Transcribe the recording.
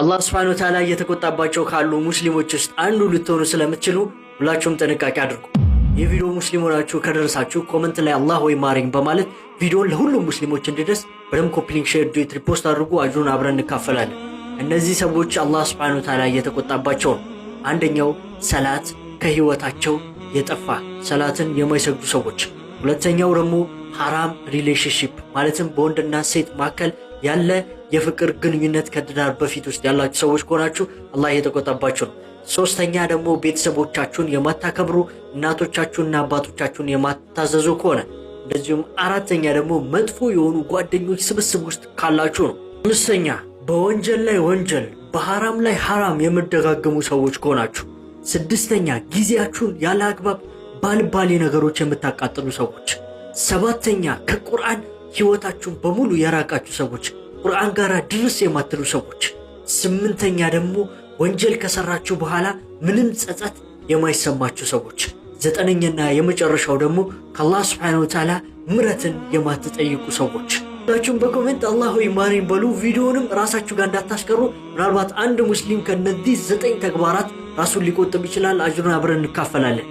አላህ ስብሐነ ወተዓላ እየተቆጣባቸው ካሉ ሙስሊሞች ውስጥ አንዱ ልትሆኑ ስለምትችሉ ሁላችሁም ጥንቃቄ አድርጉ። የቪዲዮ ሙስሊም ሆናችሁ ከደረሳችሁ ኮመንት ላይ አላህ ወይ ማረኝ በማለት ቪዲዮን ለሁሉም ሙስሊሞች እንዲደርስ በደም ኮፒ ሊንክ፣ ሼር፣ ዱት ሪፖስት አድርጉ። አጅሩን አብረን እንካፈላለን። እነዚህ ሰዎች አላህ ስብሐነ ወተዓላ እየተቆጣባቸው ነው። አንደኛው ሰላት ከህይወታቸው የጠፋ ሰላትን የማይሰግዱ ሰዎች፣ ሁለተኛው ደግሞ ሐራም ሪሌሽንሺፕ ማለትም በወንድና ሴት መካከል ያለ የፍቅር ግንኙነት ከትዳር በፊት ውስጥ ያላችሁ ሰዎች ከሆናችሁ አላህ የተቆጣባችሁ ነው። ሶስተኛ ደግሞ ቤተሰቦቻችሁን የማታከብሩ እናቶቻችሁንና አባቶቻችሁን የማታዘዙ ከሆነ እንደዚሁም አራተኛ ደግሞ መጥፎ የሆኑ ጓደኞች ስብስብ ውስጥ ካላችሁ ነው። አምስተኛ በወንጀል ላይ ወንጀል በሐራም ላይ ሐራም የምደጋገሙ ሰዎች ከሆናችሁ። ስድስተኛ ጊዜያችሁን ያለ አግባብ ባልባሌ ነገሮች የምታቃጥሉ ሰዎች። ሰባተኛ ከቁርአን ህይወታችሁን በሙሉ የራቃችሁ ሰዎች፣ ቁርአን ጋር ድርስ የማትሉ ሰዎች፣ ስምንተኛ ደግሞ ወንጀል ከሰራችሁ በኋላ ምንም ጸጸት የማይሰማችሁ ሰዎች፣ ዘጠነኛና የመጨረሻው ደግሞ ከአላህ ስብሐነሁ ወተዓላ ምረትን የማትጠይቁ ሰዎች። ሁላችሁም በኮሜንት አላህ ሆይ ማሪን በሉ። ቪዲዮንም ራሳችሁ ጋር እንዳታስቀሩ። ምናልባት አንድ ሙስሊም ከነዚህ ዘጠኝ ተግባራት ራሱን ሊቆጥብ ይችላል። አጅሩን አብረን እንካፈላለን።